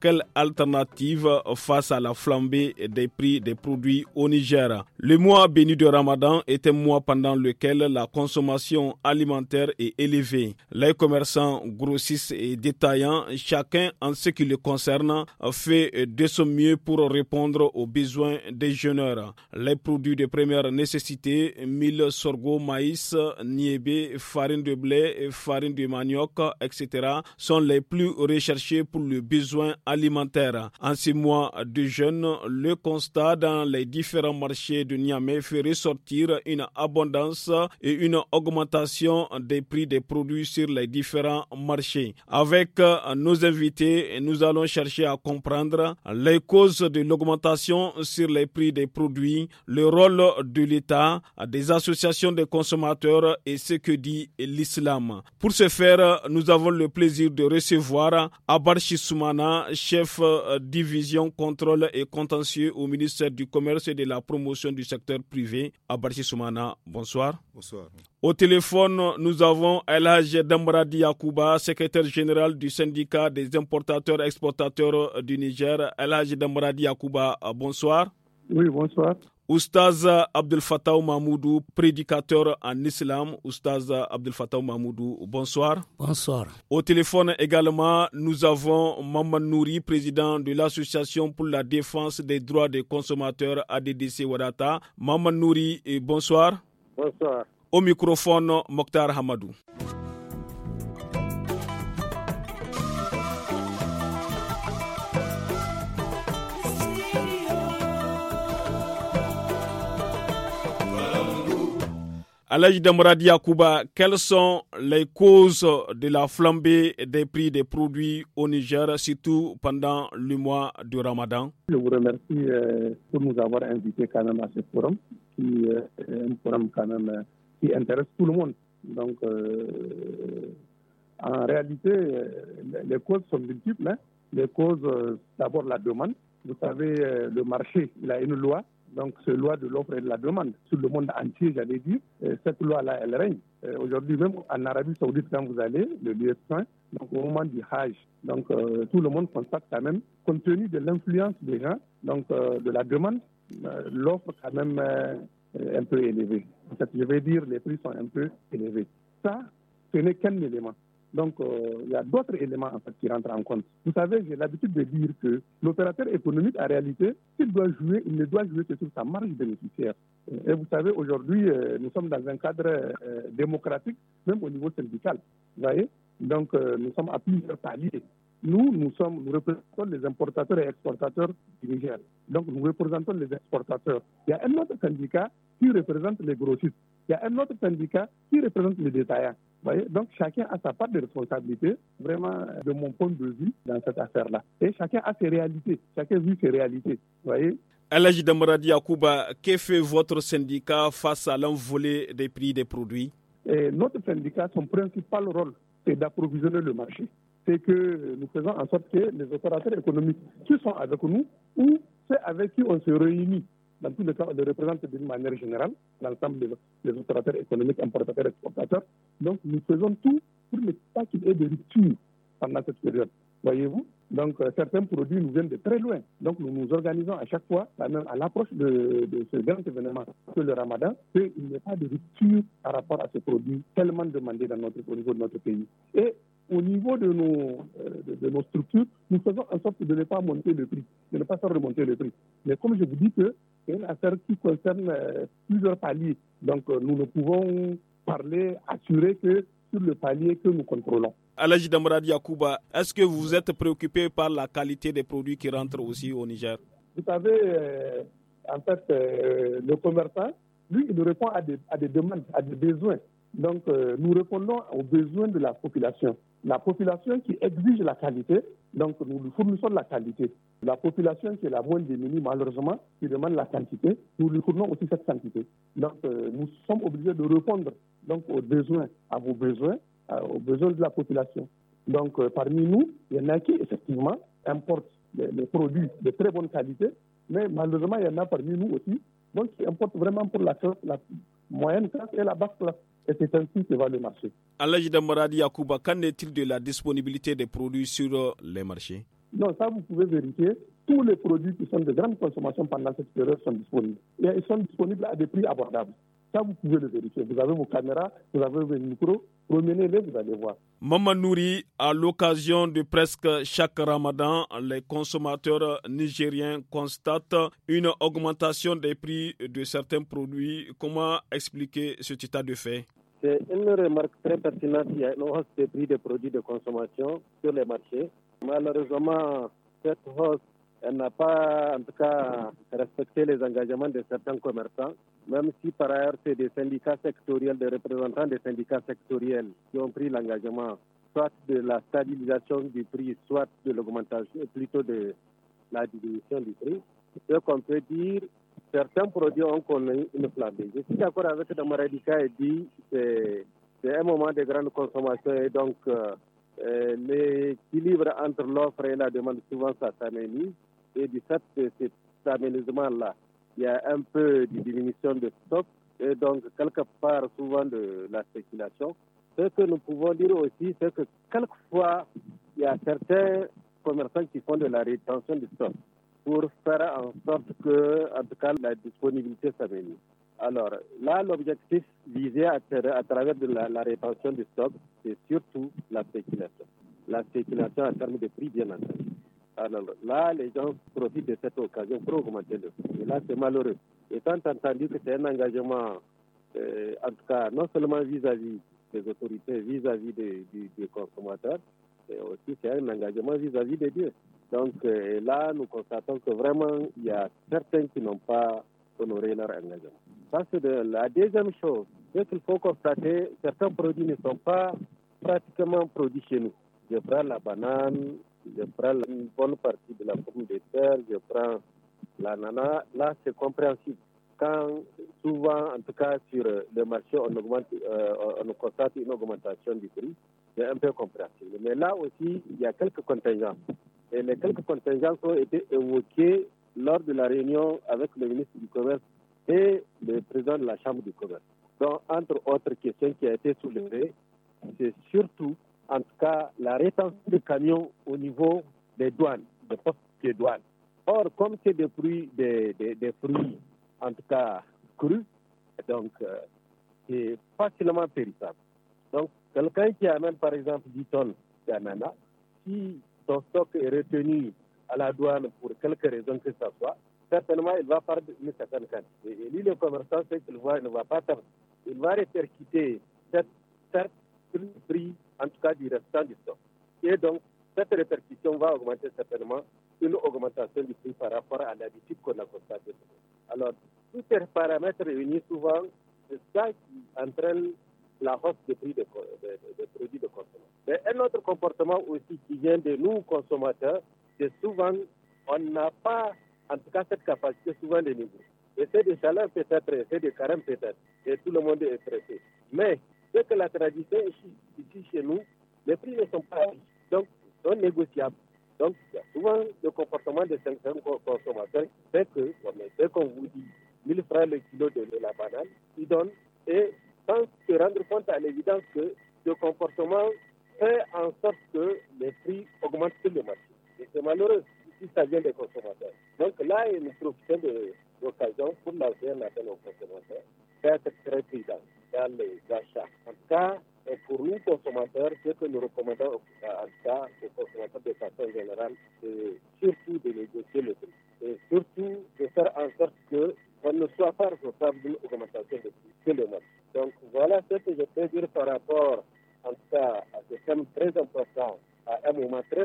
quelle alternative face à la flambée des prix des produits au Niger Le mois béni de Ramadan est un mois pendant lequel la consommation alimentaire est élevée. Les commerçants, grossistes et détaillants, chacun en ce qui le concerne, fait de son mieux pour répondre aux besoins des jeûneurs. Les produits de première nécessité, mille, sorgho, maïs, niébé, farine de blé, farine de manioc, etc., sont les plus recherchés pour le bien besoins alimentaires. En six mois de jeûne, le constat dans les différents marchés de Niamey fait ressortir une abondance et une augmentation des prix des produits sur les différents marchés. Avec euh, nos invités, nous allons chercher à comprendre les causes de l'augmentation sur les prix des produits, le rôle de l'État, des associations de consommateurs et ce que dit l'islam. Pour ce faire, nous avons le plaisir de recevoir Abar chef euh, division contrôle et contentieux au ministère du Commerce et de la promotion du secteur privé. Abarchi Soumana, bonsoir. Bonsoir. Au téléphone, nous avons Elhaj Damradi Yakouba, secrétaire général du syndicat des importateurs et exportateurs du Niger. Elhaj Damradi Yakouba, bonsoir. Oui, bonsoir. Oustaz Abdel Fattah Mahmoudou, prédicateur en islam. Oustaz Abdel Fattah Mahmoudou, bonsoir. Bonsoir. Au téléphone également, nous avons Maman Nouri, président de l'Association pour la défense des droits des consommateurs ADDC Wadata. Maman Nouri, eh, bonsoir. Bonsoir. Au microphone, Mokhtar Hamadou. l'âge demoradi Yakuba, quelles sont les causes de la flambée des prix des produits au Niger, surtout pendant le mois du Ramadan Je vous remercie euh, pour nous avoir invités quand même à ce forum, qui euh, est un forum quand même euh, qui intéresse tout le monde. Donc, en réalité, les causes sont multiples. Hein. Les causes, d'abord la demande. Vous savez, le marché, il a une loi donc ce loi de l'offre et de la demande sur le monde entier, j'allais dire. Euh, cette loi-là, elle règne. Euh, aujourd'hui même en Arabie Saoudite, quand vous allez, le lieu saint, donc au moment du Hajj, donc euh, tout le monde constate quand même, compte tenu de l'influence des gens, donc de la demande, l'offre quand même un peu élevée. je vais dire les prix sont un peu élevés. Ça, ce n'est qu'un élément. Donc, euh, il y a d'autres éléments en fait, qui rentrent en compte. Vous savez, j'ai l'habitude de dire que l'opérateur économique, en réalité, doit jouer, il ne doit jouer que sur sa marge bénéficiaire. Euh, et vous savez, aujourd'hui, euh, nous sommes dans un cadre démocratique, même au niveau syndical. Vous voyez Donc, nous sommes à plusieurs paliers. Nous, nous, sommes, nous représentons les importateurs et exportateurs du Niger. Donc, nous représentons les exportateurs. Il y a un autre syndicat qui représente les grossistes il y a un autre syndicat qui représente les détaillants. Donc chacun a sa part de responsabilité, vraiment de mon point de vue, dans cette affaire-là. Et chacun a ses réalités, chacun vit ses réalités. Voyez demande Damaradi que fait votre syndicat face à l'envolée des prix des produits Notre syndicat, son principal rôle, c'est d'approvisionner le marché. C'est que nous faisons en sorte que les opérateurs économiques qui sont avec nous ou c'est avec qui on se réunit dans tous les cas, on les représente d'une manière générale, l'ensemble des, opérateurs économiques, importateurs, exportateurs. Donc, nous faisons tout pour ne pas qu'il y ait de rupture pendant cette période. Voyez-vous Donc, euh, certains produits nous viennent de très loin. Donc, nous nous organisons à chaque fois, même à l'approche de, ce grand événement que le ramadan, qu'il n'y ait pas de rupture par rapport à ce produit tellement demandé dans notre, au niveau de notre pays. Et au niveau de nos, euh, de, nos structures, nous faisons en sorte de ne pas monter le prix, de ne pas faire remonter le prix. Mais comme je vous dis que c'est une affaire qui concerne euh, plusieurs paliers, donc euh, nous ne pouvons parler, assurer que sur le palier que nous contrôlons. Alaj Damrad Yakuba, est-ce que vous êtes préoccupé par la qualité des produits qui rentrent aussi au Niger Vous savez, en fait, le commerçant, lui, il répond à des, à des demandes, à des besoins. Donc, euh, nous répondons aux besoins de la population. La population qui exige la qualité, donc nous lui fournissons la qualité. La population qui est la moins démunie, malheureusement, qui demande la quantité, nous lui fournissons aussi cette quantité. Donc, euh, nous sommes obligés de répondre donc, aux besoins, à vos besoins, aux besoins de la population. Donc, euh, parmi nous, il y en a qui, effectivement, importent les, produits de très bonne qualité, mais malheureusement, il y en a parmi nous aussi donc, qui importent vraiment pour la, la moyenne classe et la basse classe. Et c'est ainsi que va le marché. Allah Maradi Yakuba, qu'en est-il de la disponibilité des produits sur euh, les marchés Non, ça vous pouvez vérifier. Tous les produits qui sont de grande consommation pendant cette période sont disponibles. Et ils sont disponibles à des prix abordables. Ça, vous pouvez le vérifier. Vous avez vos caméras, vous avez vos micros, remenez les vous allez voir. Maman Nouri, à l'occasion de presque chaque ramadan, les consommateurs nigériens constatent une augmentation des prix de certains produits. Comment expliquer ce état de fait c'est une remarque très pertinente. Il y a une hausse des prix des produits de consommation sur les marchés. Malheureusement, cette hausse, n'a pas, en tout cas, respecté les engagements de certains commerçants, même si par ailleurs, c'est des syndicats sectoriels, des représentants des syndicats sectoriels qui ont pris l'engagement, soit de la stabilisation du prix, soit de l'augmentation, plutôt de la diminution du prix. Ce qu'on peut dire, certains produits ont connu une flambée. Je suis d'accord avec que qui a dit euh, c'est un moment de grande consommation et donc euh, euh, l'équilibre entre l'offre et la demande souvent s'aménise. Et du fait de cet aménagement-là, il y a un peu de diminution de stock et donc quelque part souvent de la spéculation. Ce que nous pouvons dire aussi, c'est que quelquefois, il y a certains commerçants qui font de la rétention de stock pour faire en sorte que, en tout cas, la disponibilité s'améliore. Alors là, l'objectif visé à, travers la, rétention du stock, c'est surtout la spéculation. La spéculation en termes de prix, bien entendu. Alors là, les gens profitent de cette occasion pour augmenter le prix. Et là, c'est malheureux. Étant entendu que c'est un engagement, euh, en tout cas, non seulement vis-à-vis des autorités, vis-à-vis des, consommateurs, mais aussi c'est un engagement vis à -vis des dieux. Donc euh, là, nous constatons que vraiment, il y a certains qui n'ont pas honoré leur engagement. Parce que la deuxième chose. Ce qu'il faut constater, certains produits ne sont pas pratiquement produits chez nous. Je prends la banane, je prends une bonne partie de la pomme de terre, je prends l'ananas. Là, c'est compréhensible. Quand souvent, en tout cas sur euh, le marché, on, augmente, euh, on constate une augmentation du prix, c'est un peu compréhensible. Mais là aussi, il y a quelques contingents et eh, les quelques contingences ont été évoquées lors de la réunion avec le ministre du Commerce et le président de la Chambre du Commerce. Donc, entre autres questions qui a été soulevées, c'est surtout, en tout cas, la rétention des camions au niveau des douanes, des postes de douanes. Or, comme c'est des fruits, des, fruits, en tout cas, crus, donc, euh, c'est facilement périssable. Donc, quelqu'un qui amène, par exemple, 10 tonnes d'ananas, si son stock est retenu à la douane pour quelque raison que ce soit, certainement il va perdre une certaine quantité. Et lui, le commerçant, c'est qu'il ne va pas perdre. Il va répercuter cette prix, en tout cas du restant du stock. Et donc, cette répercussion va augmenter certainement une augmentation du prix par rapport à l'habitude qu'on a constatée. Alors, tous ces paramètres réunis souvent, c'est ça qui entraîne la hausse des prix des, produits de consommation. Mais un autre comportement aussi qui vient de nous consommateurs, c'est souvent on n'a pas, en tout cas, cette capacité souvent de négocier. Et c'est des chaleurs peut-être, c'est des carême peut-être, et tout le monde est stressé. Mais ce que la tradition ici, ici chez nous, les prix ne sont pas donc sont négociables. Donc, il souvent, le comportement des certains consommateurs c'est que, dès qu'on vous dit 1000 francs le kilo de la banane, ils donnent et sans se rendre compte à l'évidence que ce comportement fait en sorte que les prix augmentent sur le marché. Et c'est malheureux si ça vient des consommateurs. Donc là, il nous profitons de l'occasion pour lancer un appel aux consommateurs, d'être très prudent dans les achats. En tout cas, pour nous consommateurs, ce que nous recommandons en tout cas aux consommateurs de façon générale, c'est surtout de négocier le prix et surtout de faire en sorte que qu'on ne soit pas responsable d'une augmentation de prix, tout le même. Donc voilà ce que je peux dire par rapport, à ce thème très important, à un moment très,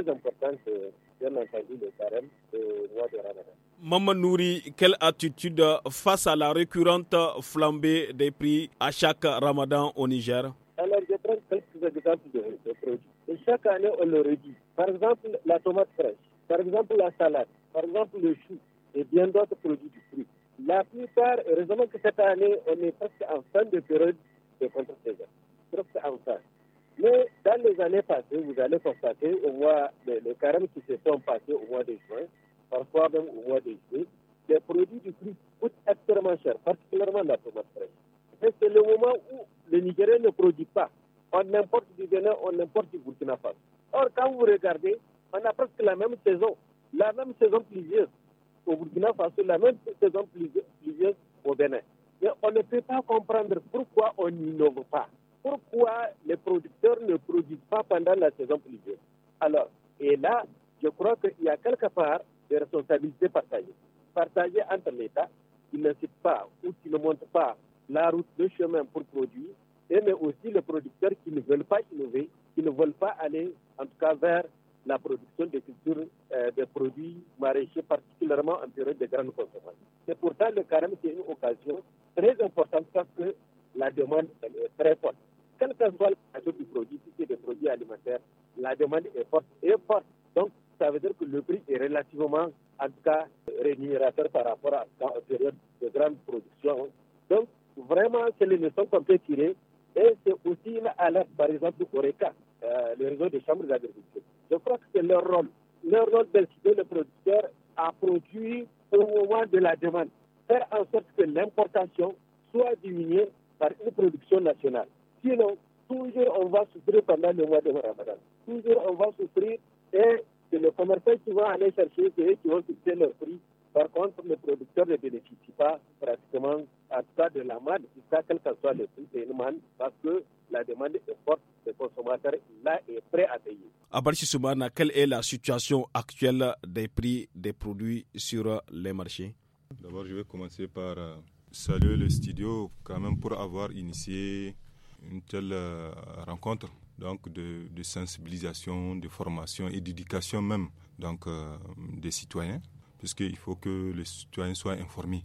important, de, bien entendu, le carême de mois de Ramadan. Maman Nouri, quelle attitude face à la récurrente flambée des prix à chaque Ramadan au Niger Alors, je prends quelques exemples de, produits. Et chaque année, on le redit. Par exemple, la tomate fraîche, par exemple, la salade, par exemple, le chou et bien d'autres produits du fruit. La plupart, heureusement que cette année, on est presque en fin de période de contre-saison, presque en fin. Mais dans les années passées, vous allez constater on voit les, les qui se sont passés au mois de juin, parfois même au mois de juillet, les produits du fruit coûtent extrêmement cher, particulièrement la tomate fraîche. C'est le moment où le Nigeria ne produit pas. On n'importe du Bénin, on n'importe du Burkina Faso. Or, quand vous regardez, on a presque la même saison, la même saison plusieurs au Burkina Faso, la même saison pluvieuse au Bénin. Mais on ne peut pas comprendre pourquoi on n'innove pas. Pourquoi les producteurs ne produisent pas pendant la saison pluvieuse. Alors, et là, je crois qu'il y a quelque part des responsabilités partagées. Partagées entre l'État, qui n'incite pas ou qui ne montre pas la route, de chemin pour produire, et mais aussi les producteurs qui ne veulent pas innover, qui ne veulent pas aller, en tout cas, vers la production de cultures euh, des produits maraîchers, particulièrement en période de grande consommation. C'est pourtant le carême qui est une occasion très importante parce que la demande est très forte. Quelle que soit l'occasion du produit, si c'est des produits alimentaires, la demande est forte et forte. Donc, ça veut dire que le prix est relativement, en tout cas, rémunérateur par rapport à la période de grande production. Donc, vraiment, c'est les leçons qu'on peut tirer. Et c'est aussi une alerte, par exemple, du RECA, euh, le réseau des chambres d'agriculture. Je crois que c'est leur rôle leur rôle d'inciter le producteur à produire au moment de la demande. Faire en sorte que l'importation soit diminuée par une production nationale. Sinon, toujours on va souffrir pendant le mois de Ramadan. Toujours on va souffrir et c'est le commerçant qui va aller chercher, et qui vont fixer leur prix. Par contre, le producteur ne bénéficie pas pratiquement en tout cas de la main, que soit prix, parce que la demande est forte, le consommateur là est prêt à payer. Abarchi Soumana, quelle est la situation actuelle des prix des produits sur les marchés D'abord, je vais commencer par euh, saluer le studio quand même pour avoir initié une telle euh, rencontre donc de, sensibilisation, de formation et d'éducation même donc euh, des citoyens puisqu'il faut que les citoyens soient informés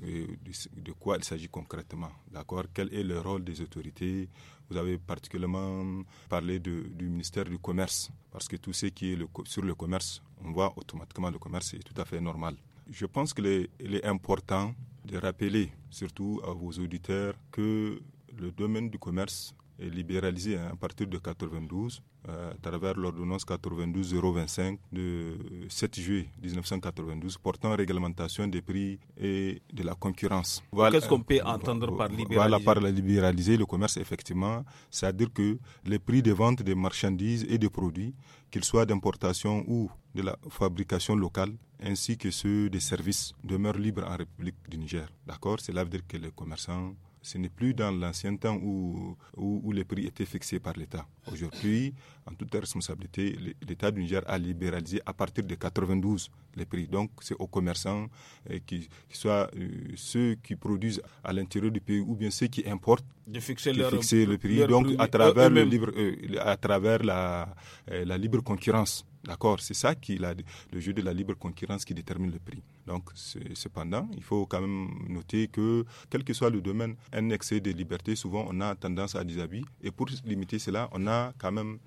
de quoi il s'agit concrètement, d'accord Quel est le rôle des autorités Vous avez particulièrement parlé du ministère du Commerce, parce que tout ce qui est sur le commerce, on voit automatiquement le commerce, c'est tout à fait normal. Je pense qu'il est important de rappeler, surtout à vos auditeurs, que le domaine du commerce libéralisé hein, à partir de 92 euh, à travers l'ordonnance 92-025 de 7 juillet 1992 portant réglementation des prix et de la concurrence. Qu'est-ce qu'on peut euh, entendre par libéraliser Voilà, par libéraliser le commerce, effectivement, c'est-à-dire que les prix de vente des marchandises et des produits, qu'ils soient d'importation ou de la fabrication locale, ainsi que ceux des services, demeurent libres en République du Niger. D'accord Cela veut dire que les commerçants ce n'est plus dans l'ancien temps où, les prix étaient fixés par l'État. Aujourd'hui, en toute responsabilité, l'État du Niger a libéralisé à partir de 92 les prix. Donc c'est aux commerçants, euh, qu'ils qui, soient euh, ceux qui produisent à l'intérieur du pays ou bien ceux qui importent, de fixer, le prix. Donc à travers, le libre, euh, à travers la, la libre concurrence. D'accord, c'est ça qui la, le jeu de la libre concurrence qui détermine le prix. Donc, cependant, il faut quand même noter que, quel que soit le domaine, un excès de liberté, souvent on a tendance à des habits. Et pour limiter cela, on a quand même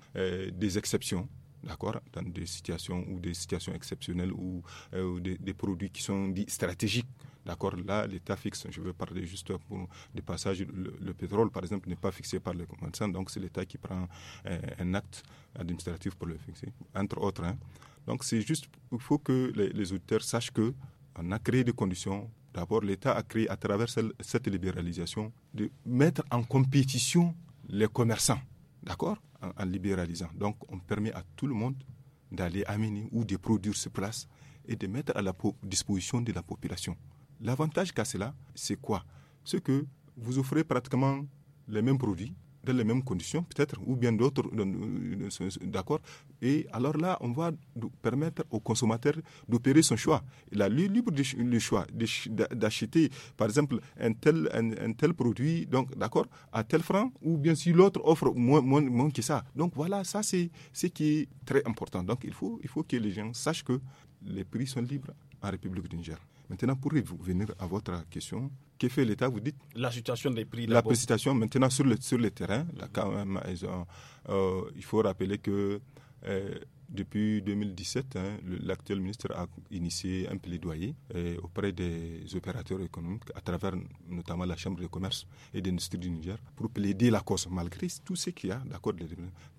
des exceptions d'accord, dans des situations ou des situations exceptionnelles ou, euh, des, produits qui sont dits stratégiques. D'accord, là, l'État fixe, je veux parler juste pour des passages, le, pétrole, par exemple, n'est pas fixé par les commerçants, donc c'est l'État qui prend euh, un acte administratif pour le fixer, entre autres. Hein. Donc c'est juste, il faut que les, auteurs auditeurs sachent que on a créé des conditions. D'abord, l'État a créé à travers cette libéralisation de mettre en compétition les commerçants d'accord en, libéralisant. Donc on permet à tout le monde d'aller amener ou de produire sur place et de mettre à la disposition de la population. L'avantage qu'a cela, c'est quoi C'est que vous offrez pratiquement les mêmes produits dans les mêmes conditions, peut-être, ou bien d'autres, euh, euh, euh, d'accord. Et alors là, on va permettre au consommateur d'opérer son choix. Il a libre le choix d'acheter, par exemple, un tel, un, tel produit, donc, d'accord, à tel franc, ou bien si l'autre offre moins, moins, que ça. Donc voilà, ça, c'est ce qui est très important. Donc il faut, il faut que les gens sachent que les prix sont libres en République du Niger. Maintenant, pour revenir à votre question, que fait l'État Vous dites La situation des prix. La situation, maintenant, sur le, terrain, euh, il faut rappeler que euh, depuis 2017, hein, l'actuel ministre a initié un plaidoyer euh, auprès des opérateurs économiques, à travers notamment la Chambre de commerce et d'industrie du Niger, pour plaider la cause, malgré tout ce qu'il y a d'accord de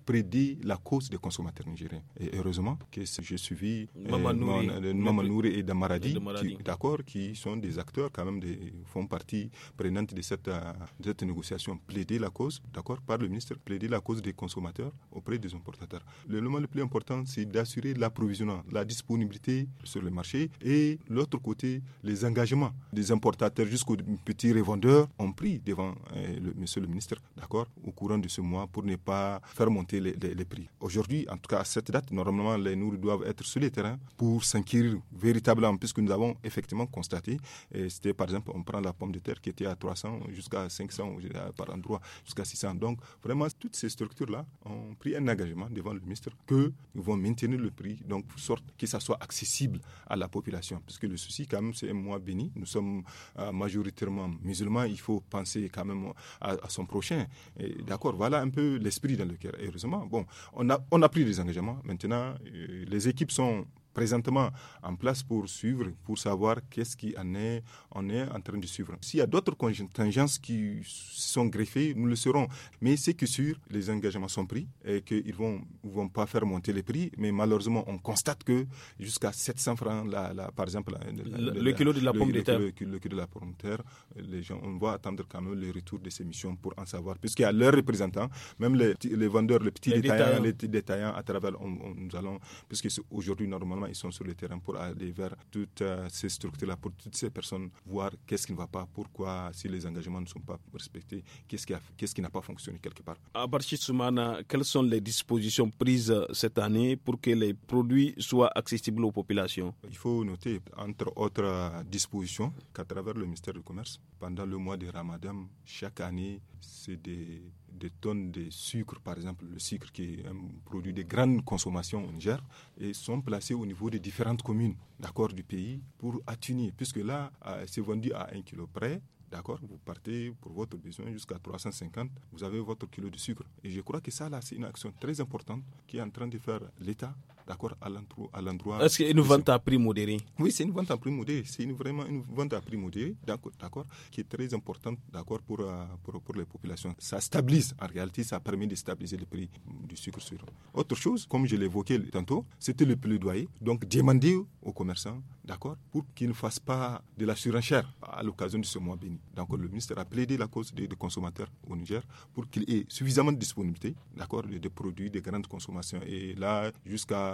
prédit la cause des consommateurs nigériens. Et heureusement que j'ai suivi euh, Mamanouri euh, et Damaradi, d'accord, qui sont des acteurs quand même, des, font partie prenante de cette, euh, de cette négociation. Plaider la cause, d'accord, par le ministre, plaider la cause des consommateurs auprès des importateurs. L'élément le plus important, c'est d'assurer l'approvisionnement, la disponibilité sur le marché et l'autre côté, les engagements des importateurs jusqu'aux petits revendeurs ont pris devant le, monsieur le ministre, d'accord, au courant de ce mois pour ne pas faire monter les, prix. Aujourd'hui, en tout cas à cette date, normalement, les nourris doivent être sur les terrains pour s'inquiéter véritablement, puisque nous avons effectivement constaté, c'était par exemple, on prend la pomme de terre qui était à 300 jusqu'à 500 par endroit, jusqu'à 600. Donc, vraiment, toutes ces structures-là ont pris un engagement devant le ministre que nous vont maintenir le prix, donc, pour sorte que ça soit accessible à la population. Puisque le souci, quand même, c'est un mois béni. Nous sommes euh, majoritairement musulmans. Il faut penser quand même à, son prochain. D'accord, voilà un peu l'esprit dans lequel. Bon, on a, on a pris des engagements. Maintenant, euh, les équipes sont présentement en place pour suivre, pour savoir qu'est-ce qui en est, on est en train de suivre. S'il y a d'autres contingences qui sont greffées, nous le saurons. Mais c'est que sûr, les engagements sont pris et qu'ils ne vont, vont pas faire monter les prix. Mais malheureusement, on constate que jusqu'à 700 francs, la, par exemple, le, kilo de la pomme de terre. les gens, on va attendre quand même le retour de ces missions pour en savoir. Puisqu'il y a leurs représentants, même les, vendeurs, les petits détaillants, les détaillants à travers, nous allons, puisque aujourd'hui, normalement, ils sont sur le terrain pour aller vers toutes euh, ces structures-là, pour toutes ces personnes, voir qu'est-ce qui ne va pas, pourquoi, si les engagements ne sont pas respectés, qu'est-ce qui, n'a pas fonctionné quelque part. À partir Soumana, quelles sont les dispositions prises euh, cette année pour que les produits soient accessibles aux populations Il faut noter, entre autres euh, dispositions, qu'à travers le ministère du Commerce, pendant le mois de Ramadan, chaque année, c'est des des tonnes de sucre, par exemple le sucre qui est un produit de grande consommation au Niger, et sont placés au niveau des différentes communes du pays pour atténuer, puisque là, c'est vendu à 1 kg près, D'accord Vous partez pour votre besoin jusqu'à 350, vous avez votre kilo de sucre. Et je crois que ça, là, c'est une action très importante qui est en train de faire l'État d'accord à l'endroit. Est-ce une vente à prix modéré Oui, c'est une vente à prix modéré. C'est vraiment une vente à prix modéré, d'accord, qui est très importante, d'accord, euh, pour, pour, les populations. Ça stabilise, en réalité, ça permet de stabiliser le prix du sucre sur. Autre chose, comme je l'évoquais tantôt, c'était le plaidoyer. Donc, demander aux commerçants, d'accord, pour qu'ils ne fassent pas de la surenchère à l'occasion de ce mois béni. Donc, le ministre a plaidé la cause des, consommateurs au Niger pour qu'il ait suffisamment de disponibilité, d'accord, de produits de grande consommation. Et là, jusqu'à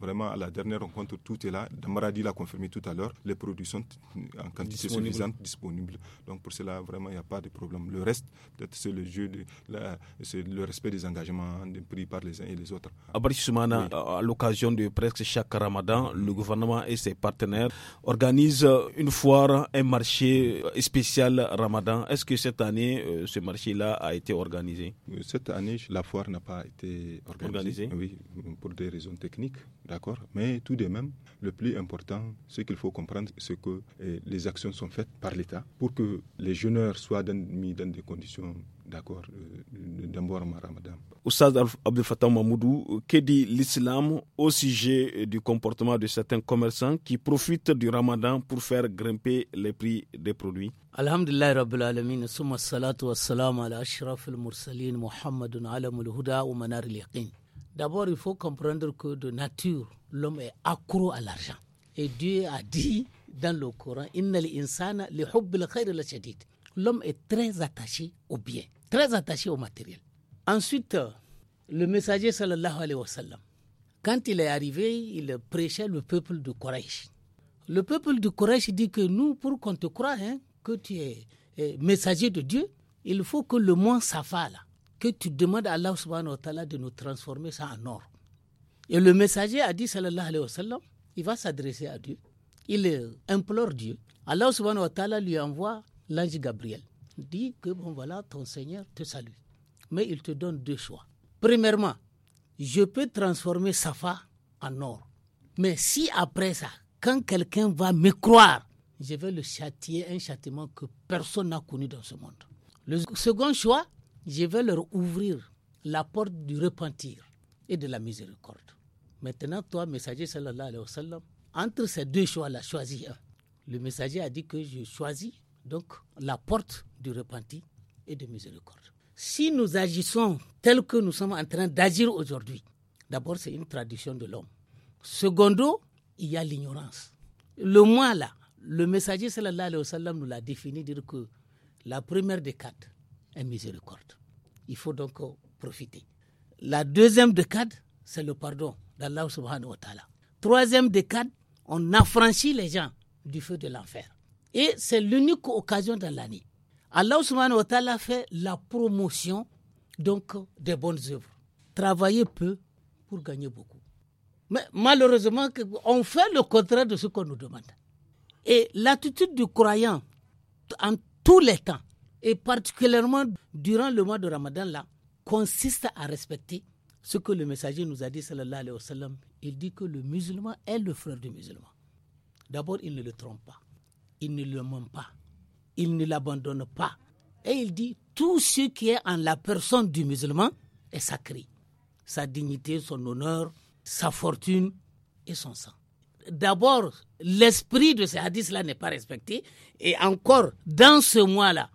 Vraiment, à la dernière rencontre, tout est là. Damaradi l'a confirmé tout à l'heure. Les produits sont en quantité suffisante disponibles. Donc, pour cela, vraiment, il n'y a pas de problème. Le reste, c'est le jeu, de le respect des engagements pris par les uns et les autres. À Soumana, à l'occasion de presque chaque ramadan, le gouvernement et ses partenaires organisent euh, une foire, un marché euh, spécial ramadan. Est-ce que cette année, euh, ce marché-là a été organisé Cette année, la foire n'a pas été organisée. organisée. Oui, pour des raisons techniques. D'accord Mais tout de même, le plus important, ce qu'il faut comprendre, c'est que eh, les actions sont faites par l'État pour que les jeunes soient mis dans des conditions d'accord euh, le Ramadan. Oussad Abdel Fattah Mahmoudou, que dit l'islam au sujet eh, du comportement de certains commerçants qui profitent du Ramadan pour faire grimper les prix des produits Alhamdulillah Rabbil Alamin, summa salatu wa salam ala ashraf al-mursalin Muhammadun alamul huda wa manar al-yaqin. D'abord, il faut comprendre que de nature, l'homme est accro à l'argent. Et Dieu a dit dans le Coran, L'homme est très attaché au bien, très attaché au matériel. Ensuite, le messager sallallahu alayhi wa sallam, quand il est arrivé, il prêchait le peuple de Quraysh. Le peuple de Quraysh dit que nous, pour qu'on te croie, hein, que tu es, eh, messager de Dieu, il faut que le moins Safa, que tu demandes à Allah subhanahu wa ta'ala de nous transformer ça en or. Et le messager a dit, alayhi il va s'adresser à Dieu. Il implore Dieu. Allah subhanahu wa ta'ala lui envoie l'ange Gabriel. Il dit que bon voilà, ton Seigneur te salue. Mais il te donne deux choix. Premièrement, je peux transformer Safa en or. Mais si après ça, quand quelqu'un va me croire, je vais le châtier un châtiment que personne n'a connu dans ce monde. Le second choix, je vais leur ouvrir la porte du repentir et de la miséricorde. Maintenant, toi, messager alayhi wa sallam, entre ces deux choix-là, choisis un. Le messager a dit que je choisis donc la porte du repentir et de miséricorde. Si nous agissons tel que nous sommes en train d'agir aujourd'hui, d'abord c'est une tradition de l'homme. Secondo, il y a l'ignorance. Le moi là, le messager alayhi wa sallam nous l'a défini, dire que la première des quatre est miséricorde. Il faut donc profiter. La deuxième décade, c'est le pardon d'Allah subhanahu wa ta'ala. Troisième décade, on affranchit les gens du feu de l'enfer. Et c'est l'unique occasion dans l'année. Allah subhanahu wa ta'ala fait la promotion donc des bonnes œuvres. Travailler peu pour gagner beaucoup. Mais malheureusement, on fait le contraire de ce qu'on nous demande. Et l'attitude du croyant en tous les temps, et particulièrement durant le mois de Ramadan là, consiste à respecter ce que le messager nous a dit, sallallahu alayhi wa sallam. Il dit que le musulman est le frère du musulman. D'abord, il ne le trompe pas, il ne le ment pas, il ne l'abandonne pas. Et il dit, tout ce qui est en la personne du musulman est sacré. Sa dignité, son honneur, sa fortune et son sang. D'abord, l'esprit de ces hadiths-là n'est pas respecté. Et encore, dans ce mois-là,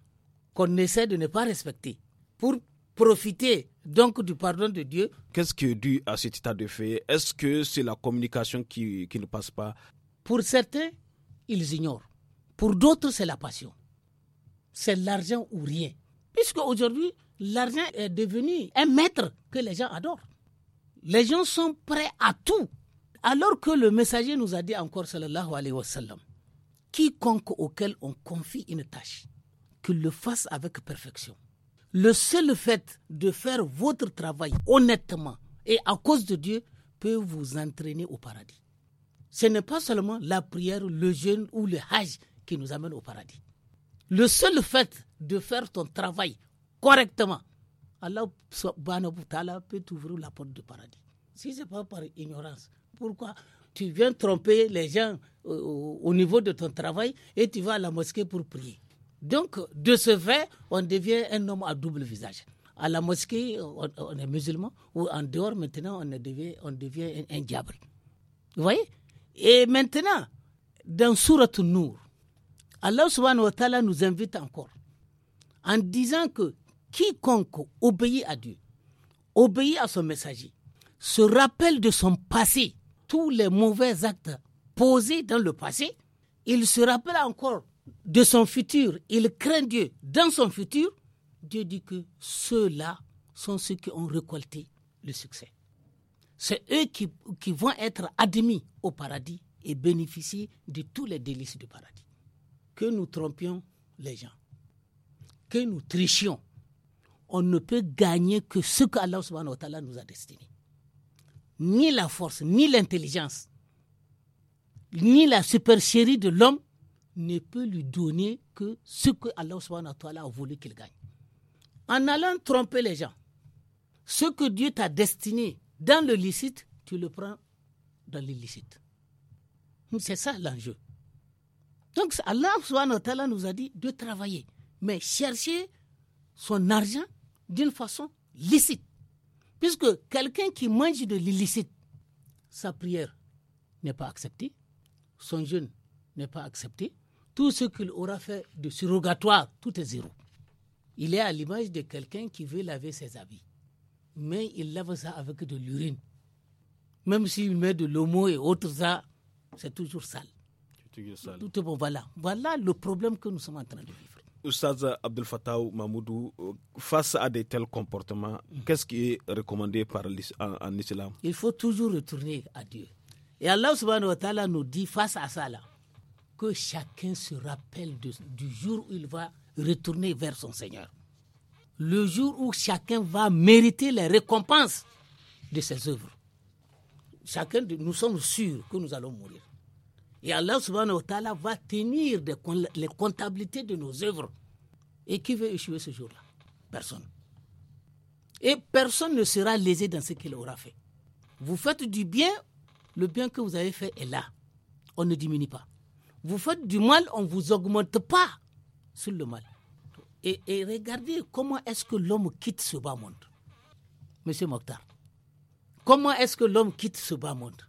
qu'on essaie de ne pas respecter pour profiter donc du pardon de Dieu. Qu'est-ce qui est dû à cet état de fait Est-ce que c'est la communication qui, qui ne passe pas Pour certains, ils ignorent. Pour d'autres, c'est la passion. C'est l'argent ou rien. Puisque aujourd'hui, l'argent est devenu un maître que les gens adorent. Les gens sont prêts à tout. Alors que le messager nous a dit encore, alayhi wa sallam, quiconque auquel on confie une tâche, qu'il le fasse avec perfection. Le seul fait de faire votre travail honnêtement et à cause de Dieu peut vous entraîner au paradis. Ce n'est pas seulement la prière, le jeûne ou le hajj qui nous amène au paradis. Le seul fait de faire ton travail correctement, Allah peut ouvrir la porte du paradis. Si ce n'est pas par ignorance, pourquoi tu viens tromper les gens euh, au, niveau de ton travail et tu vas à la mosquée pour prier donc, de ce fait, on devient un homme à double visage. À la mosquée, on, est musulman, ou en dehors, maintenant, on devient, on devient un, diable. Vous voyez Et maintenant, dans Surat Nour, Allah nous invite encore en disant que quiconque obéit à Dieu, obéit à son messager, se rappelle de son passé, tous les mauvais actes posés dans le passé, il se rappelle encore de son futur, il craint Dieu dans son futur, Dieu dit que ceux-là sont ceux qui ont récolté le succès. C'est eux qui, vont être admis au paradis et bénéficier de tous les délices du paradis. Que nous trompions les gens, que nous trichions, on ne peut gagner que ce qu'Allah nous a destiné. Ni la force, ni l'intelligence, ni la supercherie de l'homme ne peut lui donner que ce que Allah a voulu qu'il gagne. En allant tromper les gens, ce que Dieu t'a destiné dans le licite, tu le prends dans l'illicite. C'est ça l'enjeu. Donc Allah nous a dit de travailler, mais chercher son argent d'une façon licite. Puisque quelqu'un qui mange de l'illicite, sa prière n'est pas acceptée, son jeûne n'est pas accepté, tout ce qu'il aura fait de surrogatoire, tout est zéro. Il est à l'image de quelqu'un qui veut laver ses habits. Mais il lave ça avec de l'urine. Même s'il met de l'homo et autres, ça, c'est toujours sale. sale. Tout est bon, voilà. Voilà le problème que nous sommes en train de vivre. Oustaz Abdel Fattah Mahmoudou, euh, face à de tels comportements, mm. qu'est-ce qui est recommandé par en, islam Il faut toujours retourner à Dieu. Et Allah subhanahu wa ta'ala nous dit face à ça là, que chacun se rappelle du jour où il va retourner vers son Seigneur. Le jour où chacun va mériter les récompenses de ses œuvres. Chacun de nous sommes sûrs que nous allons mourir. Et Allah subhanahu wa ta'ala va tenir les comptabilités de nos œuvres. Et qui veut échouer ce jour-là Personne. Et personne ne sera lésé dans ce qu'il aura fait. Vous faites du bien, le bien que vous avez fait est là. On ne diminue pas vous faites du mal, on ne vous augmente pas sur le mal. Et, regardez comment est-ce que l'homme quitte ce bas monde. Monsieur Mokhtar, comment est-ce que l'homme quitte ce bas monde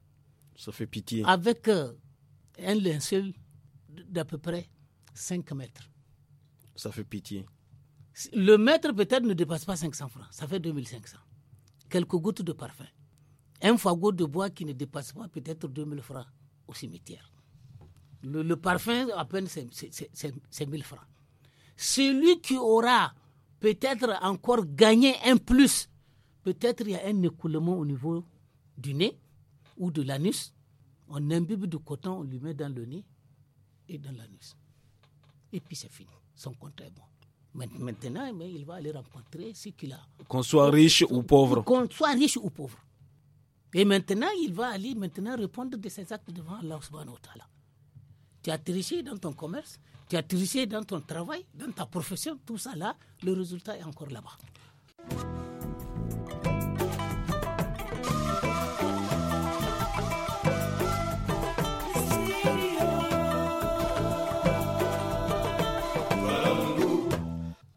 Ça fait pitié. Avec euh, un linceul d'à peu près 5 mètres. Ça fait pitié. Le mètre peut-être ne dépasse pas 500 francs, ça fait 2500. Quelques gouttes de parfum. Un fagot de bois qui ne dépasse pas peut-être 2000 francs au cimetière le, parfum, à peine, c'est 1000 francs. Celui qui aura peut-être encore gagné un plus, peut-être il y a un écoulement au niveau du nez ou de l'anus. On imbibe du coton, on lui met dans le nez et dans l'anus. Et puis c'est fini. Son compte est bon. Maintenant, il va aller rencontrer ce qu'il a. Qu'on soit riche ou pauvre. Qu'on soit riche ou pauvre. Et maintenant, il va aller maintenant répondre de ses actes devant Allah subhanahu tu as triché dans ton commerce, tu as triché dans ton travail, dans ta profession, tout ça là, le résultat est encore là-bas.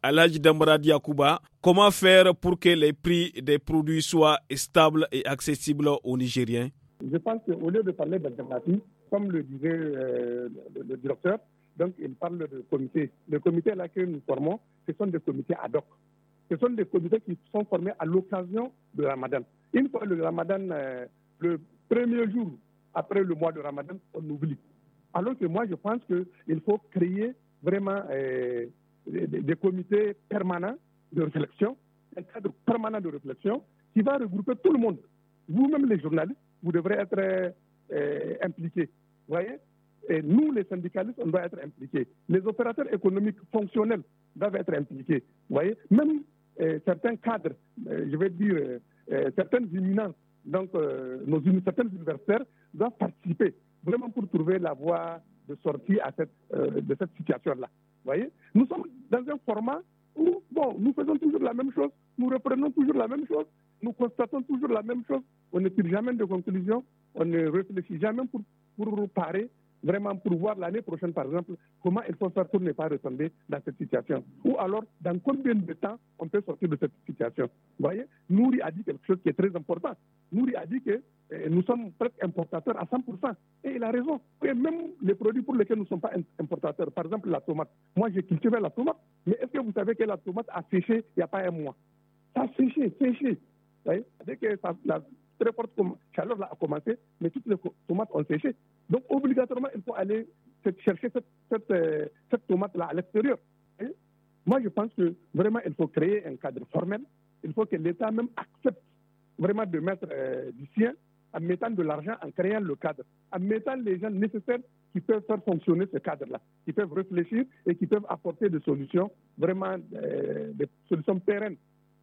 l'âge Dambradi Diakouba, comment faire pour que les prix des produits soient stables et accessibles aux Nigériens Je pense qu'au lieu de parler d'alternatives, comme le disait euh, le, directeur, donc il parle de comité. Les comités là que nous formons, ce sont des comités ad hoc. Ce sont des comités qui sont formés à l'occasion de Ramadan. Une fois le Ramadan, euh, le premier jour après le mois de Ramadan, on oublie. Alors que moi, je pense qu'il faut créer vraiment euh, des comités permanents de réflexion, un cadre permanent de réflexion qui va regrouper tout le monde. Vous-même, les journalistes, vous devrez être euh, impliqués. Vous voyez et nous, les syndicalistes, on doit être impliqués. Les opérateurs économiques fonctionnels doivent être impliqués. Vous voyez, même euh, certains cadres, euh, je vais dire, certaines imminences, donc nos, certains universitaires doivent participer vraiment pour trouver la voie de sortie à cette, de cette situation-là. Vous voyez, nous sommes dans un format où, bon, nous faisons toujours la même chose, nous reprenons toujours la même chose, nous constatons toujours la même chose, on ne tire jamais de conclusion, on ne réfléchit jamais pour, pour parer vraiment pour voir l'année prochaine, par exemple, comment il faut faire pour ne pas retomber dans cette situation. Ou alors, dans combien de temps on peut sortir de cette situation. Vous voyez, Nouri a dit quelque chose qui est très important. Nouri a dit que eh, nous sommes presque importateurs à 100%. Et il a raison. Et même les produits pour lesquels nous ne sommes pas importateurs, par exemple la tomate. Moi, j'ai cultivé la tomate, mais est-ce que vous savez que la tomate a séché il n'y a pas un mois Ça a séché, séché. voyez, très forte chaleur là a commencé, mais toutes les tomates ont séché. Donc obligatoirement, il faut aller chercher cette, euh, tomate-là à l'extérieur. Moi, je pense que vraiment, il faut créer un cadre formel. Il faut que l'État même accepte vraiment de mettre euh, du sien en mettant de l'argent, en créant le cadre, en mettant les gens nécessaires qui peuvent faire fonctionner ce cadre-là, qui peuvent réfléchir et qui peuvent apporter des solutions, vraiment euh, des solutions pérennes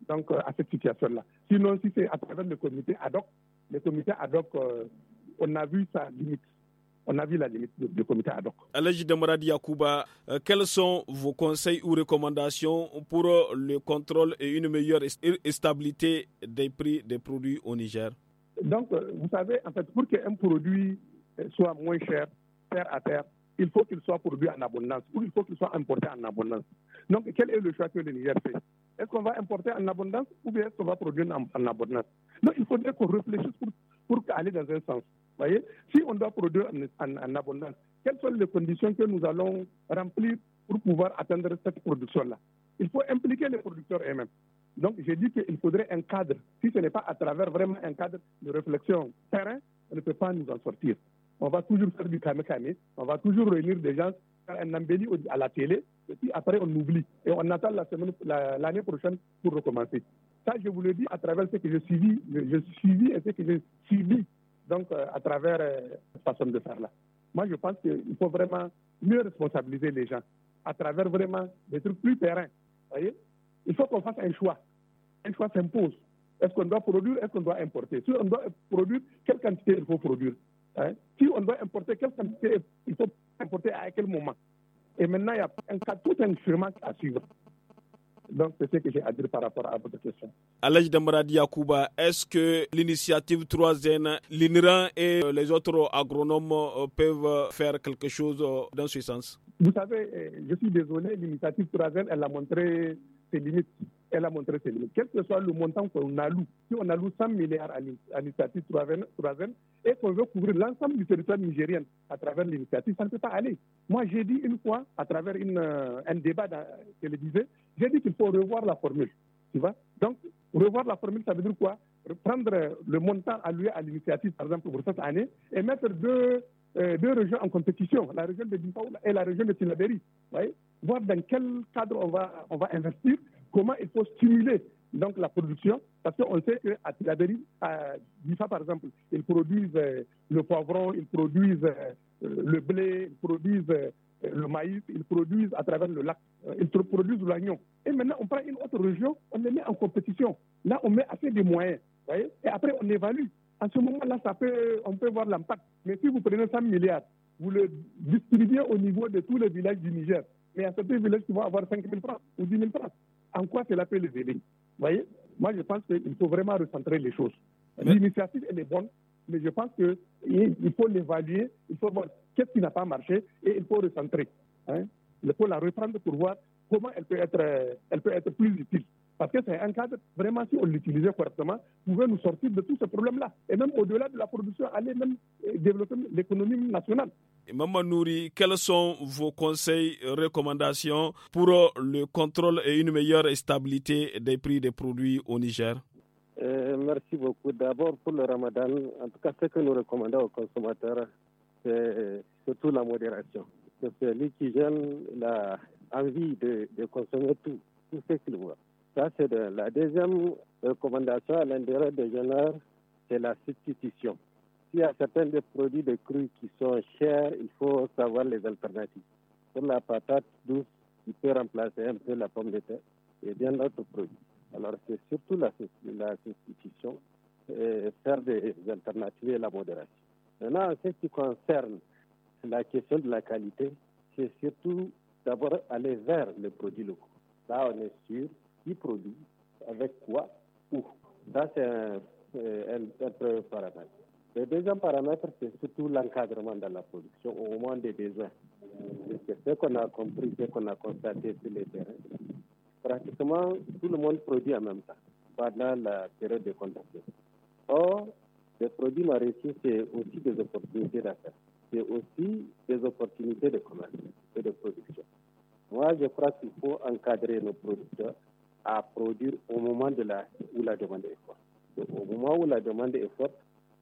donc, à cette situation-là. Sinon, si c'est à travers le comité ad hoc, le comité ad hoc, euh, on a vu sa limite on a vu la limite du, comité ad hoc. je demande Yakuba, euh, quels sont vos conseils ou recommandations pour euh, le contrôle et une meilleure stabilité des prix des produits au Niger Donc, vous savez, en fait, pour qu'un produit soit moins cher, terre à terre, il faut qu'il soit produit en abondance ou il faut qu'il soit importé en abondance. Donc, quel est le choix que le Niger fait est-ce qu'on va importer en abondance ou bien est-ce qu'on va produire en, abondance Donc il faudrait qu'on réfléchisse pour, aller dans un sens. Voyez si on doit produire en, abondance, quelles sont les conditions que nous allons remplir pour pouvoir atteindre cette production-là Il faut impliquer les producteurs eux-mêmes. Donc j'ai dit qu'il faudrait un cadre. Si ce n'est pas à travers vraiment un cadre de réflexion terrain, on ne peut pas nous en sortir. On va toujours faire du kame on va toujours réunir des gens un embelli à la télé, et puis après on oublie. Et on attend la semaine, l'année prochaine pour recommencer. Ça, je vous le dis à travers ce que j'ai suivi, je suivi et ce que j'ai suivi, donc euh, à travers euh, cette façon de faire là. Moi, je pense qu'il faut vraiment mieux responsabiliser les gens, à travers vraiment des trucs plus terrains. Voyez Il faut qu'on fasse un choix. Un choix s'impose. Est-ce qu'on doit produire, est-ce qu'on doit importer Si on doit produire, quelle quantité il faut produire euh, si on doit importer, quelle quantité il faut importer à quel moment Et maintenant, il y a un, tout un instrument à suivre. Donc, c'est ce que j'ai à dire par rapport à votre question. Alaj Damaradi Yakuba, est-ce que l'initiative 3N, l'INRAN et euh, les autres agronomes euh, peuvent faire quelque chose dans ce sens Vous savez, je suis désolé, l'initiative 3N, elle a montré ses limites elle a montré ses limites. Quel que soit le montant qu'on alloue, si on alloue 100 milliards à l'initiative 3 et qu'on veut couvrir l'ensemble du territoire nigérien à travers l'initiative, ça ne peut pas aller. Moi, j'ai dit une fois, à travers une, euh, un débat télévisé j'ai dit qu'il faut revoir la formule. Tu vois Donc, revoir la formule, ça veut dire quoi Prendre le montant alloué à l'initiative, par exemple, pour cette année, et mettre deux, euh, deux régions en compétition, la région de Bimpaoula et la région de Tilaberi. Voir dans quel cadre on va, on va investir comment il faut stimuler donc la production, parce qu'on sait qu'à Tilaberi, à Bifa par exemple, ils produisent euh, le poivron, ils produisent euh, le blé, ils produisent euh, le maïs, ils produisent à travers le lac, ils produisent l'oignon. Et maintenant, on prend une autre région, on les met en compétition. Là, on met assez de moyens, voyez et après, on évalue. À ce moment-là, ça peut, on peut voir l'impact. Mais si vous prenez 100 milliards, vous le distribuez au niveau de tous les villages du Niger, mais il y a certains villages qui vont avoir 5 000 francs ou 10 000 francs en quoi cela peut les aider. voyez Moi, je pense qu'il faut vraiment recentrer les choses. L'initiative, elle est bonne, mais je pense qu'il faut l'évaluer, il faut voir qu'est-ce qui n'a pas marché et il faut recentrer. Hein. Il faut la reprendre pour voir comment elle peut être, euh, elle peut être plus utile. Parce que c'est un cadre, vraiment, si on l'utilisait correctement, pouvait nous sortir de tout ce problème-là. Et même au-delà de la production, aller même euh, développer l'économie nationale. Maman Nouri, quels sont vos conseils, recommandations pour euh, le contrôle et une meilleure stabilité des prix des produits au Niger euh, Merci beaucoup. D'abord, pour le ramadan, en tout cas, ce que nous recommandons aux consommateurs, c'est surtout la modération. C'est celui qui gêne la envie de consommer tout, tout ce qu'il voit. Ça, c'est la deuxième recommandation à l'intérêt des jeunes, c'est la substitution. S'il y a certains des produits de cru qui sont chers, il faut savoir les alternatives. Comme la patate douce, il peut remplacer un peu la pomme de terre et bien d'autres produits. Alors, c'est surtout la, substitution, faire des alternatives et la modération. Maintenant, en ce qui concerne la question de la qualité, c'est surtout d'abord aller vers les produits locaux. Là, on est sûr qui produit, avec quoi, où. Ça, c'est euh, un, premier paramètre. Le deuxième paramètre, c'est surtout l'encadrement dans la production au moment des besoins. C'est ce qu'on a compris, ce qu'on a constaté sur les terrains, pratiquement tout le monde produit en même temps pendant la période de contact. Or, les produits maraîchers, c'est aussi des opportunités d'affaires. C'est aussi des opportunités de commerce et de production. Moi, je crois qu'il faut encadrer nos producteurs à produire au moment de la, où la demande est forte. au moment où la demande est forte,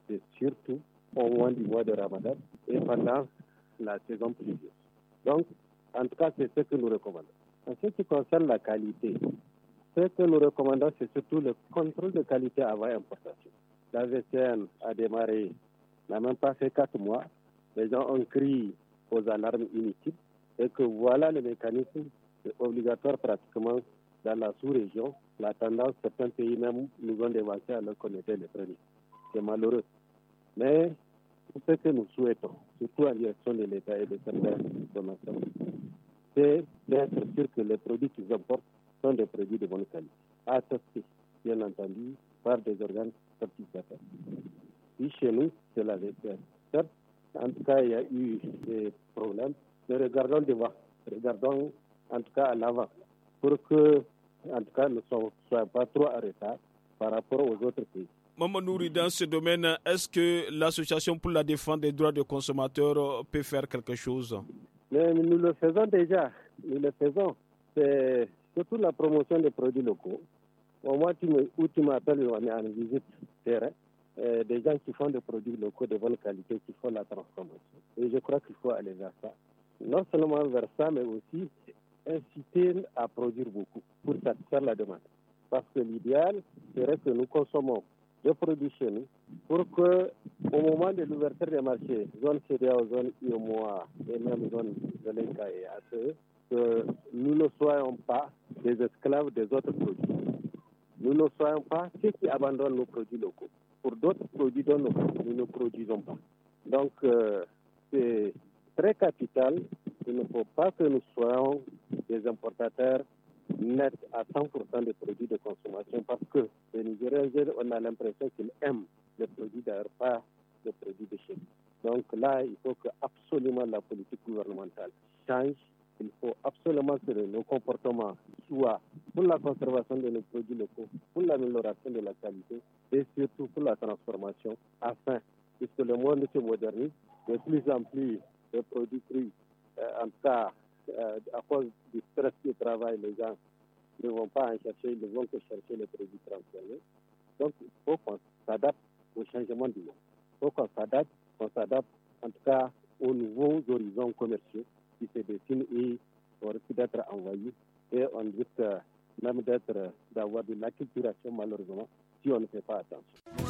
c'est surtout au moment du mois de Ramadan et pendant la saison pluvieuse. Donc, en tout cas, c'est ce que nous recommandons. En ce qui concerne la qualité, ce que nous recommandons, c'est surtout le contrôle de qualité avant importation. La VCN a démarré, n'a même pas fait quatre mois. Les gens ont crié aux alarmes inutiles et que voilà le mécanisme obligatoire pratiquement dans la sous-région, la tendance, certains pays même nous ont dévancés alors qu'on était les premiers. C'est malheureux. Mais tout ce que nous souhaitons, surtout à direction de l'État et de certains donateurs, c'est d'être sûr que les produits qu'ils importent sont des produits de bonne qualité, attestés, bien entendu, par des organes certificateurs. Si chez nous, c'est la VPS. en tout cas, il y a eu des problèmes, mais regardons devant, regardons en tout cas à l'avant, pour que en tout cas, ne soient pas trop en retard par rapport aux autres pays. Maman Nouri, dans ce domaine, est-ce que l'Association pour la défense des droits des consommateurs euh, peut faire quelque chose Nous le faisons déjà. Nous le faisons. C'est surtout la promotion des produits locaux. Au moins, où tu m'appelles, on est en visite terrain. des gens qui font des produits locaux de bonne qualité, qui font la transformation. Et je crois qu'il faut aller vers ça. Non seulement vers ça, mais aussi inciter à produire beaucoup pour satisfaire la demande. Parce que l'idéal serait que nous consommons des produits chez nous pour que, au moment de l'ouverture des marchés, zone CDA, zone IOMOA et même zone Zelenka et ACE, que nous ne soyons pas des esclaves des autres produits. Nous ne soyons pas ceux qui abandonnent nos produits locaux. Pour d'autres produits dont nous, nous ne produisons pas. Donc, euh, c'est très capital. Il ne faut pas que nous soyons des importateurs nets à 100% des produits de consommation parce que les Nigériens, on a l'impression qu'ils aiment les produits d'ailleurs pas les produits de chez nous. Donc là, il faut que absolument la politique gouvernementale change. Il faut absolument que nos comportements soient pour la conservation de nos produits locaux, pour l'amélioration de la qualité et surtout pour la transformation afin, que le monde se modernise, de plus en plus prix euh, en tout cas, euh, à cause du stress du travail, les gens ne vont pas en chercher, ne vont que chercher les produits transformés. Donc, il faut qu'on s'adapte au changement du monde. Il faut qu'on s'adapte, qu'on s'adapte en tout cas aux nouveaux horizons commerciaux qui se dessinent et on risque d'être envoyés et on risque euh, même d'être, d'avoir de l'acculturation malheureusement si on ne fait pas attention.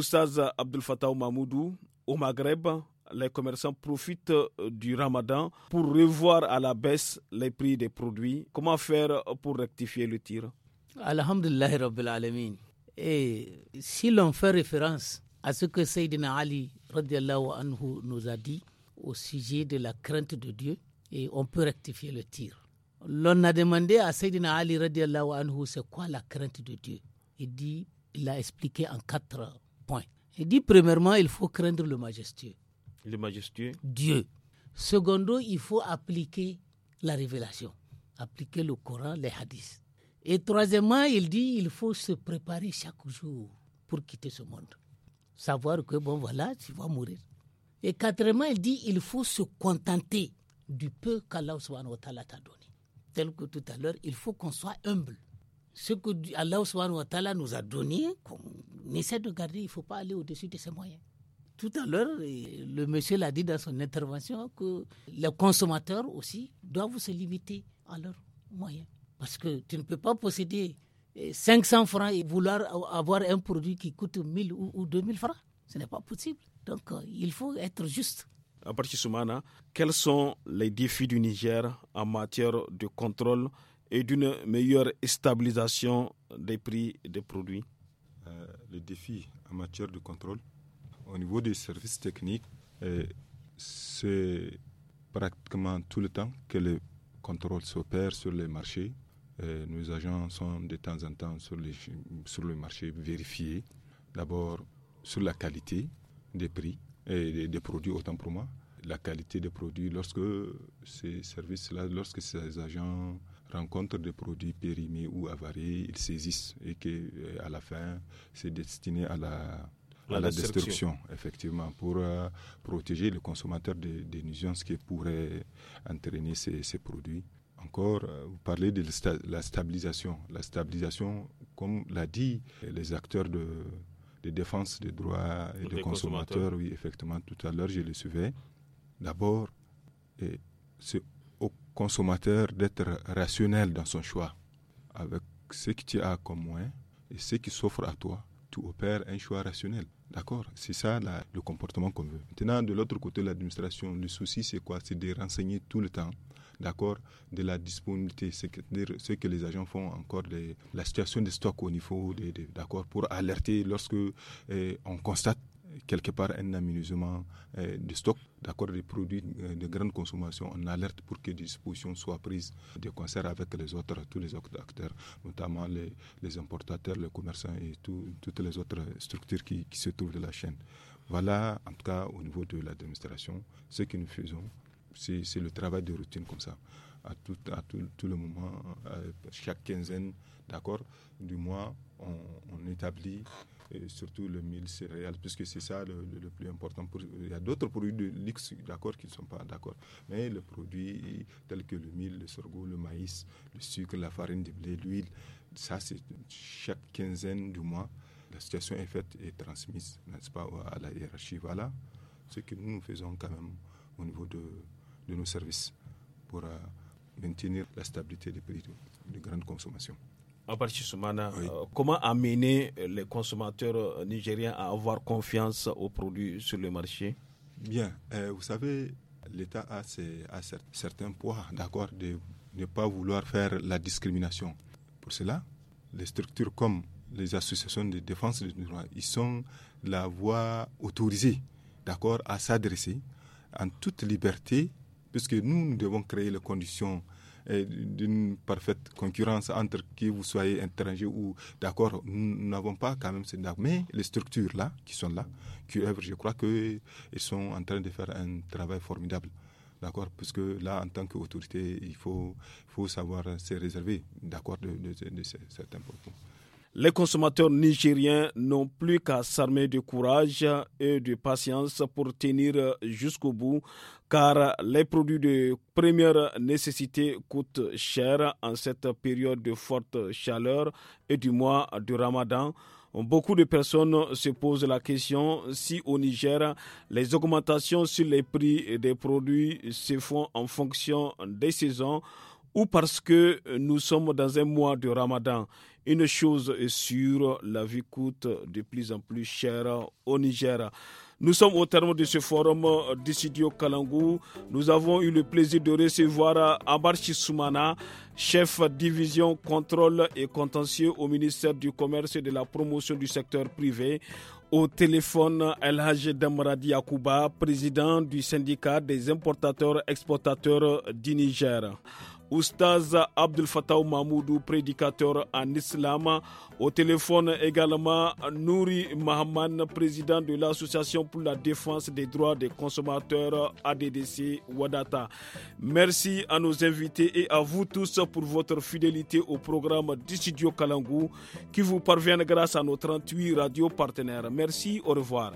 Oustaz Abdel Fattah Mahmoudou, au Maghreb, les commerçants profitent euh, du ramadan pour revoir à la baisse les prix des produits. Comment faire pour rectifier le tir Alhamdulillah Rabbil Alameen. Et si l'on fait référence à ce que Sayyidina Ali anhu, nous a dit au sujet de la crainte de Dieu, et on peut rectifier le tir. L'on a demandé à Sayyidina Ali anhu c'est quoi la crainte de Dieu. Il dit, il l'a expliqué en quatre il dit premièrement, il faut craindre le majestueux. Le majestueux Dieu. Secondo, il faut appliquer la révélation, appliquer le Coran, les hadiths. Et troisièmement, il dit il faut se préparer chaque jour pour quitter ce monde. Savoir que, bon, voilà, tu vas mourir. Et quatrièmement, il dit il faut se contenter du peu qu'Allah t'a donné. Tel que tout à l'heure, il faut qu'on soit humble ce que Allah nous a donné, qu'on essaie de garder, il ne faut pas aller au-dessus de ses moyens. Tout à l'heure, euh, le monsieur l'a dit dans son intervention que les consommateurs aussi doivent se limiter à leurs moyens. Parce que tu ne peux pas posséder 500 euh, francs et vouloir avoir un produit qui coûte 1000 ou 2000 francs. Ce n'est pas possible. Donc, euh, il faut être juste. À partir de moment-là, quels sont les défis du Niger en matière de contrôle et d'une meilleure stabilisation des prix des produits euh, Les défi en matière de contrôle au niveau des services techniques, euh, c'est pratiquement tout le temps que le contrôle s'opère sur les marchés. Euh, nos agents sont de temps en temps sur, les, sur le marché vérifiés, d'abord sur la qualité des prix et des, des produits, autant pour moi, la qualité des produits lorsque ces services-là, lorsque ces agents rencontrent des produits périmés ou avariés, ils saisissent et que euh, à la fin, c'est destiné à la à la, destruction, effectivement, pour euh, protéger le consommateur des, nuisances qui pourraient entraîner ces, ces produits. Encore, euh, vous parlez de la stabilisation. La stabilisation, comme l'a dit les acteurs de, de, défense des droits et des, consommateurs, oui, effectivement, tout à l'heure, je le suivais. D'abord, c'est consommateur d'être rationnel dans son choix. Avec ce que tu as comme moyen et ce qui s'offre à toi, tu opères un choix rationnel. D'accord C'est ça le comportement qu'on veut. Maintenant, de l'autre côté, l'administration, le souci, c'est quoi C'est de renseigner tout le temps, d'accord, de la disponibilité, c'est-à-dire ce que les agents font encore, la situation des stocks au niveau, d'accord, pour alerter lorsque eh, on constate quelque part un aménagement euh, de stock, d'accord, des produits euh, de grande consommation, on alerte pour que des dispositions soient prises de concert avec les autres, tous les autres acteurs, notamment les, importateurs, les commerçants et toutes les autres structures qui, se trouvent de la chaîne. Voilà, en tout cas, au niveau de l'administration, ce que nous faisons, c'est le travail de routine comme ça. À tout, à tout, le moment, euh, chaque quinzaine, d'accord, du mois, on, on établit et surtout le mil céréal, puisque c'est ça le, plus important. Pour, il y a d'autres produits de luxe, d'accord, qui ne sont pas d'accord. Mais les produits tels que le mil, le sorgho, le maïs, le sucre, la farine de blé, l'huile, ça c'est chaque quinzaine du mois, la situation est faite et transmise, n'est-ce pas, à la hiérarchie. Voilà ce que nous, faisons quand même au niveau de, de nos services pour euh, maintenir la stabilité des prix de grande consommation. Abarchi Soumana, euh, comment amener euh, les consommateurs euh, nigériens à avoir confiance aux produits sur le marché Bien, vous savez, l'État a, ses, a certains poids, d'accord, de ne pas vouloir faire la discrimination. Pour cela, les structures comme les associations de défense des droits, ils sont la voie autorisée, d'accord, à s'adresser en toute liberté, puisque nous, nous devons créer les conditions d'une parfaite concurrence entre qui vous soyez étranger ou d'accord, nous n'avons pas quand même cette Mais les structures là, qui sont là, qui œuvrent, je crois qu'ils sont en train de faire un travail formidable. D'accord Parce que là, en tant qu'autorité, il faut, faut savoir se réserver, d'accord, de, de, de, de certains propos. Les consommateurs nigériens n'ont plus qu'à s'armer de courage et de patience pour tenir jusqu'au bout, car les produits de première nécessité coûtent cher en cette période de forte chaleur et du mois de Ramadan. Beaucoup de personnes se posent la question si au Niger, les augmentations sur les prix des produits se font en fonction des saisons ou parce que nous sommes dans un mois de Ramadan. Une chose est sûre, la vie coûte de plus en plus cher au Niger. Nous sommes au terme de ce forum d'Issidio Kalangou. Nous avons eu le plaisir de recevoir Abarchi Soumana, chef division contrôle et contentieux au ministère du Commerce et de la promotion du secteur privé. Au téléphone, LH Damradi Akuba, président du syndicat des importateurs-exportateurs du Niger. Oustaz Abdel Fattah Mahmoudou, prédicateur en islam. Au téléphone également, Nouri Mahaman, président de l'Association pour la défense des droits des consommateurs ADDC Wadata. Merci à nos invités et à vous tous pour votre fidélité au programme du Kalangou qui vous parvient grâce à nos 38 radios partenaires. Merci, au revoir.